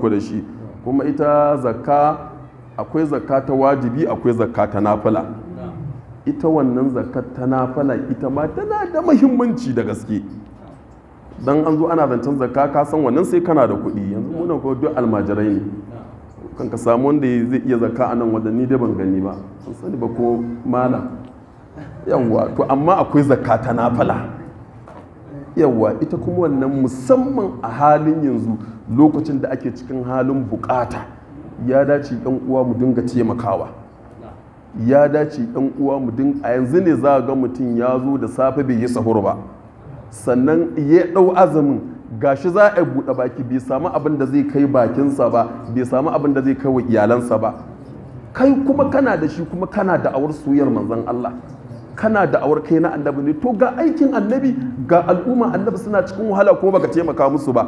ku da shi kuma ita zakka akwai zakka ta wajibi akwai zakka ta nafila ita wannan zakka ta nafila ita ma tana da mahimmanci da gaske dan an zo ana zancen zakka ka san wannan sai kana da kuɗi yanzu muna ko duk almajirai ne kan ka samu wanda zai iya zakka a nan wajen ni ban gani ba sun sani ba ko mala yanwa to amma akwai zakka ta nafila yawa ita kuma wannan musamman a halin yanzu lokacin da ake cikin halin bukata ya dace yan uwa mu dinga taimakawa ya dace yan uwa mu dinga a yanzu ne za ga mutum ya zo da safe bai yi sahur ba sannan ya ɗau azumin gashi za a buɗe baki bai samu abin da zai kai bakinsa ba bai samu abin da zai kai wa iyalansa ba kai kuma kana da shi kuma kana da awar soyayyar manzon Allah kana da awar kai na annabi ne to ga aikin annabi ga al'umma annabi suna cikin wahala kuma baka taimaka musu ba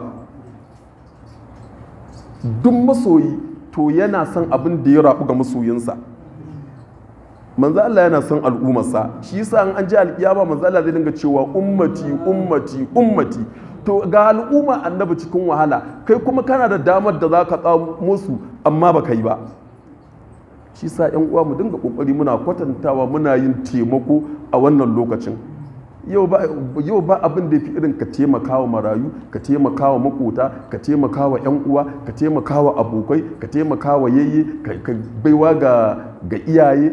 duk masoyi to yana son abin da ya rabu ga masoyinsa manzo Allah yana son al'ummarsa shi yasa an ji alkiyama manzo Allah zai dinga cewa ummati ummati ummati to ga al'umma annabi cikin wahala kai kuma kana da damar da zaka tsamu musu amma baka yi ba shi sa yan uwa mu dinga kokari muna kwatantawa muna yin taimako a wannan lokacin yau ba abin da fi irin ka taimaka wa marayu ka taimaka wa makota ka taimaka wa 'yan uwa ka taimaka wa abokai ka taimaka wa yayye ka baiwa ga iyaye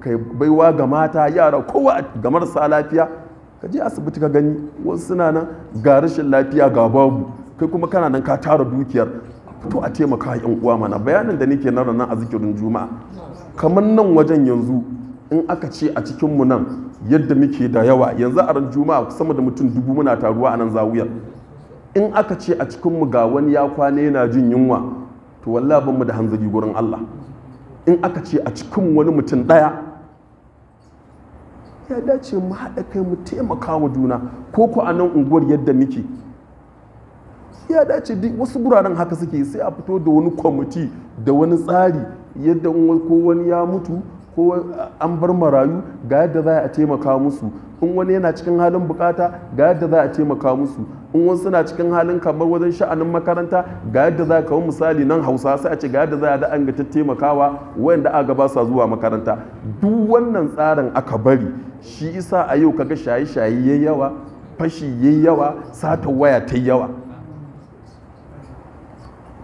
ka baiwa ga mata yara kowa ga marasa lafiya ka je asibiti ka gani wasu suna nan ga rashin lafiya ga babu kai kuma kana nan ka tara dukiyar fito a taimaka yan uwa mana bayanin da nake na ranar azikirin juma'a kamar nan wajen yanzu in aka ce a cikin mu nan yadda muke da yawa yanzu a ran juma'a sama da mutum dubu muna taruwa a nan zawiyar in aka ce a cikin mu ga wani ya kwana yana jin yunwa to wallahi ban mu da hanzari gurin Allah in aka ce a cikin wani mutum daya ya dace mu haɗa kai mu taimaka wa juna ko ku a nan unguwar yadda muke ya dace duk wasu guraren haka suke sai a fito da wani kwamiti da wani tsari yadda ko wani ya mutu ko an bar marayu ga yadda za a taimaka musu in wani yana cikin halin bukata ga yadda za a taimaka musu in wasu suna cikin halin kamar wajen sha'anin makaranta ga yadda za kawo misali nan hausa sai a ce ga yadda za a da an gata taimakawa wanda aka ba sa zuwa makaranta duk wannan tsarin aka bari shi isa a yau kaga shaye-shaye yayi yawa fashi yayi yawa sata waya ta yawa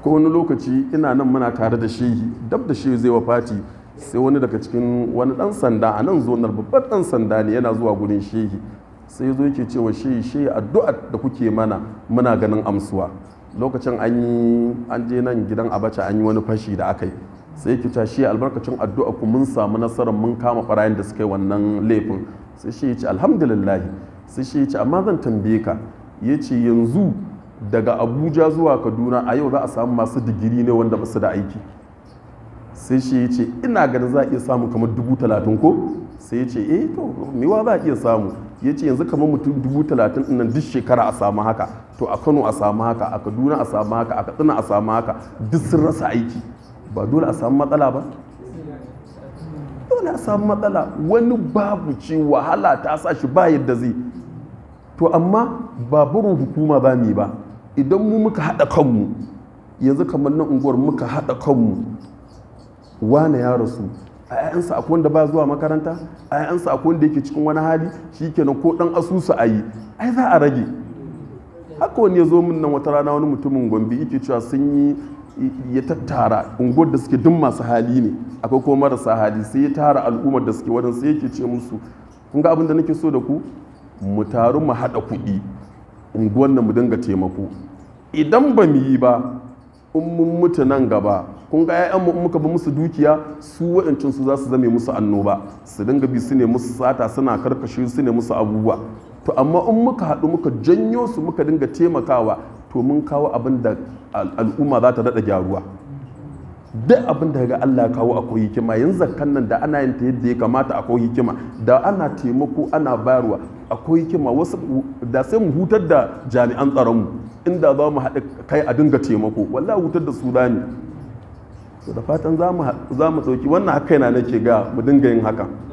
ko wani lokaci ina nan muna tare da shehi dab da shehi zai wafati sai wani daga cikin wani dan sanda a nan zonar babban dan sanda ne yana zuwa gurin shehi sai zo yake cewa shehi shehi addu'a da kuke mana muna ganin amsuwa lokacin an yi an je nan gidan abacha an yi wani fashi da aka yi sai yake cewa shi albarkacin addu'a ku mun samu nasarar mun kama farayin da suka yi wannan laifin sai shi ya ce alhamdulillah sai shi ya ce amma zan tambaye ka ya ce yanzu daga abuja zuwa kaduna a yau za a samu masu digiri ne wanda basu da aiki sai shi ya ce ina ganin za a iya samu kamar dubu talatin ko sai ya ce eh to mewa za a iya samu ya ce yanzu kamar mutum dubu talatin nan duk shekara a samu haka to a kano a samu haka a kaduna a samu haka a katsina a samu haka duk sun rasa aiki ba dole a samu matsala ba dole a samu matsala wani babu ce wahala ta sa shi ba yadda zai to amma ba hukuma ba ba idan mu muka haɗa kanmu yanzu kamar na unguwar muka haɗa kanmu wane ya rasu a yayansa akwai wanda ba zuwa makaranta a yayansa akwai wanda yake cikin wani hali shi kenan ko ɗan asusu a yi ai za a rage haka wani ya zo min nan wata rana wani mutumin gombe yake cewa sun yi ya tattara unguwar da suke duk masu hali ne akwai kuma marasa hali sai ya tara al'ummar da suke wadansu yake ce musu kun ga abin da nake so da ku mu taru mu haɗa kuɗi unguwan nan mu dinga taimako idan ba mu yi ba in mun mutu nan gaba kun ga ƴaƴan mu muka bi musu dukiya su waɗancan su za su zame musu annoba su dinga bi su ne musu sata suna karkashe su ne musu abubuwa to amma in muka haɗu muka janyo su muka dinga taimakawa to mun kawo abin da al'umma za ta daɗa gyaruwa duk abin da ga Allah kawo akwai hikima yanzu zakan nan da ana yin ta yadda ya kamata akwai hikima da ana taimako ana bayarwa akwai hikima wasu da sai mu hutar da jami'an tsaron mu inda za mu haɗa kai a dinga taimako wallahi hutar da su ne da fatan za mu tsoki wannan haka yana nake ga mu dinga yin haka